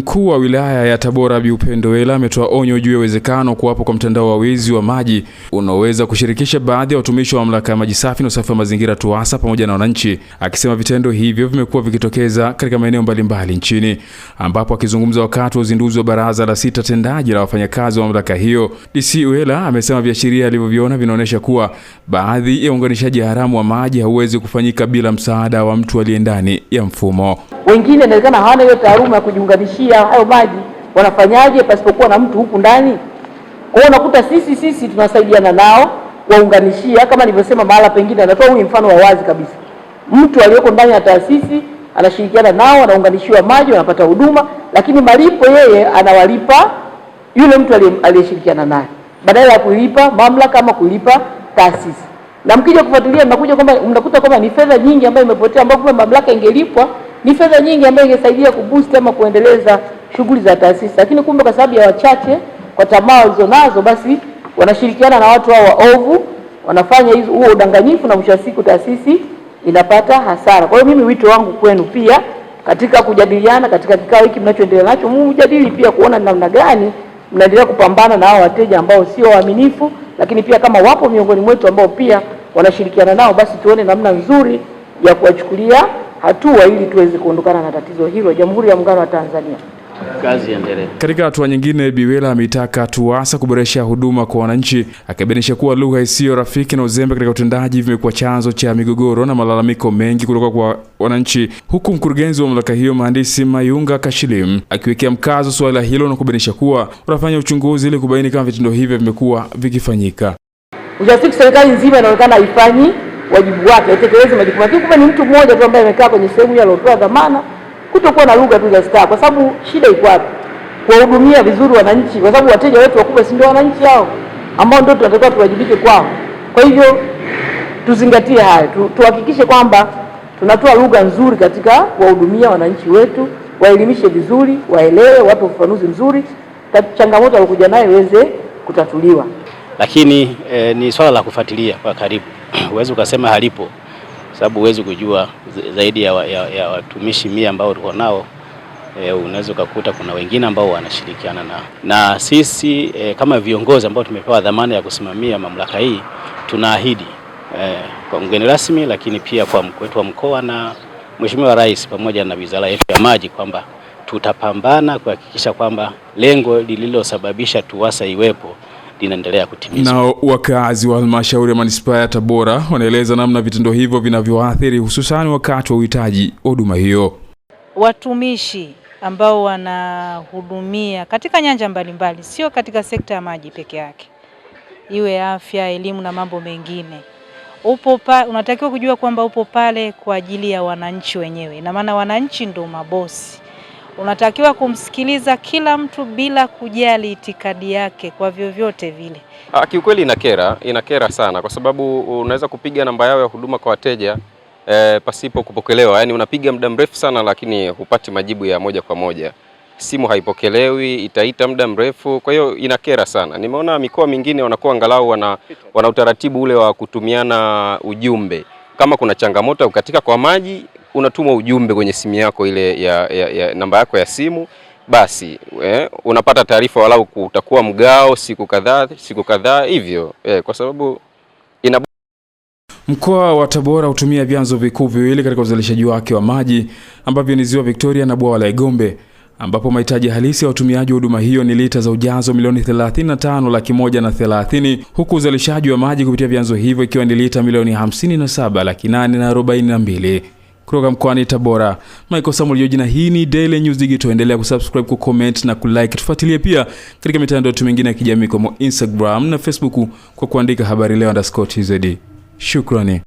Mkuu wa wilaya ya Tabora Bi Upendo Wela ametoa onyo juu ya uwezekano kuwapo kwa mtandao wa wezi wa maji unaoweza kushirikisha baadhi ya watumishi wa mamlaka ya maji safi na usafi wa mazingira TUWASA pamoja na wananchi, akisema vitendo hivyo vimekuwa vikitokeza katika maeneo mbalimbali nchini, ambapo akizungumza wakati wa uzinduzi wa baraza la sita tendaji la wafanyakazi wa mamlaka hiyo, DC Ela amesema viashiria alivyoviona vinaonyesha kuwa baadhi ya uunganishaji haramu wa maji hauwezi kufanyika bila msaada wa mtu aliye ndani ya mfumo. Wengine inawezekana hawana hiyo taaluma ya kujiunganishia hayo maji, wanafanyaje pasipokuwa na mtu huku ndani? Kwa hiyo unakuta sisi sisi tunasaidiana nao waunganishia, kama nilivyosema mahala pengine. Anatoa huu mfano wa wazi kabisa, mtu aliyoko ndani ya taasisi anashirikiana nao, anaunganishiwa maji, anapata huduma, lakini malipo yeye anawalipa yule mtu aliyeshirikiana naye badala ya kulipa mamlaka ama kulipa taasisi. Na mkija kufuatilia, mnakuja kwamba mnakuta kwamba ni fedha nyingi ambayo imepotea, ambayo mamlaka ingelipwa ni fedha nyingi ambayo ingesaidia kuboost ama kuendeleza shughuli za taasisi, lakini kumbe kwa sababu ya wachache, kwa tamaa walizonazo, basi wanashirikiana na watu hao waovu, wanafanya hizo huo udanganyifu, na mwisho wa siku taasisi inapata hasara. Kwa hiyo mimi wito wangu kwenu pia katika kujadiliana katika kikao hiki mnachoendelea nacho, mjadili pia kuona namna gani mnaendelea kupambana na hao wateja ambao sio waaminifu, lakini pia kama wapo miongoni mwetu ambao pia wanashirikiana nao, basi tuone namna nzuri ya kuwachukulia hatua ili tuweze kuondokana na tatizo hilo Jamhuri ya Muungano wa Tanzania. Kazi endelee. Katika hatua nyingine, Biwela ameitaka TUWASA kuboresha huduma kwa wananchi, akibainisha kuwa lugha isiyo rafiki na uzembe katika utendaji vimekuwa chanzo cha migogoro na malalamiko mengi kutoka kwa wananchi, huku mkurugenzi wa mamlaka hiyo Mhandisi Mayunga kashilim akiwekea mkazo suala hilo na kubainisha kuwa unafanya uchunguzi ili kubaini kama vitendo hivyo vimekuwa vikifanyika. Ujasiri serikali nzima inaonekana haifanyi wajibu wake, atekeleze majukumu yake. Kumbe ni mtu mmoja tu ambaye amekaa kwenye sehemu hiyo aliopewa dhamana, kutokuwa na lugha tu za staa, kwa sababu shida iko wapi? Kuwahudumia vizuri wananchi, kwa sababu wateja wetu wakubwa si ndio wananchi hao, ambao ndio tunatakiwa tuwajibike kwao. Kwa hivyo tuzingatie haya tu, tuhakikishe kwamba tunatoa lugha nzuri katika kuwahudumia wananchi wetu, waelimishe vizuri, waelewe, wape ufafanuzi mzuri, changamoto alokuja nayo iweze kutatuliwa lakini e, ni swala la kufuatilia kwa karibu. Huwezi ukasema halipo, sababu huwezi kujua zaidi ya, ya, ya watumishi mia ambao ulikuwa nao e, unaweza ukakuta kuna wengine ambao wanashirikiana nao, na sisi e, kama viongozi ambao tumepewa dhamana ya kusimamia mamlaka hii tunaahidi e, kwa mgeni rasmi, lakini pia kwa mkuu wetu wa mkoa na Mheshimiwa Rais pamoja na wizara yetu ya maji kwamba tutapambana kuhakikisha kwamba lengo lililosababisha TUWASA iwepo linaendelea kutimizwa. Na wakazi wa halmashauri ya manispaa ya Tabora wanaeleza namna vitendo hivyo vinavyoathiri hususani wakati wa uhitaji wa huduma hiyo. Watumishi ambao wanahudumia katika nyanja mbalimbali, sio katika sekta ya maji peke yake, iwe afya, elimu na mambo mengine upo pa, unatakiwa kujua kwamba upo pale kwa ajili ya wananchi wenyewe, ina maana wananchi ndio mabosi unatakiwa kumsikiliza kila mtu bila kujali itikadi yake kwa vyovyote vile. Ah, kiukweli inakera, inakera sana, kwa sababu unaweza kupiga namba yao ya huduma kwa wateja e, pasipo kupokelewa. Yaani unapiga muda mrefu sana, lakini hupati majibu ya moja kwa moja, simu haipokelewi, itaita muda mrefu. Kwa hiyo inakera sana. Nimeona mikoa mingine wanakuwa angalau wana, wana utaratibu ule wa kutumiana ujumbe kama kuna changamoto katika kwa maji unatumwa ujumbe kwenye simu yako ile ya, ya, ya namba yako ya simu basi eh, unapata taarifa walau kutakuwa mgao siku kadhaa siku kadhaa hivyo eh, kwa sababu ina Mkoa wa Tabora hutumia vyanzo vikuu viwili katika uzalishaji wake wa maji ambavyo ni Ziwa Victoria na Bwawa la Igombe ambapo mahitaji halisi ya watumiaji wa huduma hiyo ni lita za ujazo milioni 35 laki moja na 30 huku uzalishaji wa maji kupitia vyanzo hivyo ikiwa ni lita milioni 57 laki 8 na 42 kutoka mkoani Tabora. Michael Samuel Yoji, hii ni Daily News Digital. Endelea kusubscribe, kucomment na kulike. Tufuatilie pia katika mitandao yetu mingine ya kijamii kama Instagram na Facebook kwa kuandika habari leo underscore tz. Shukrani.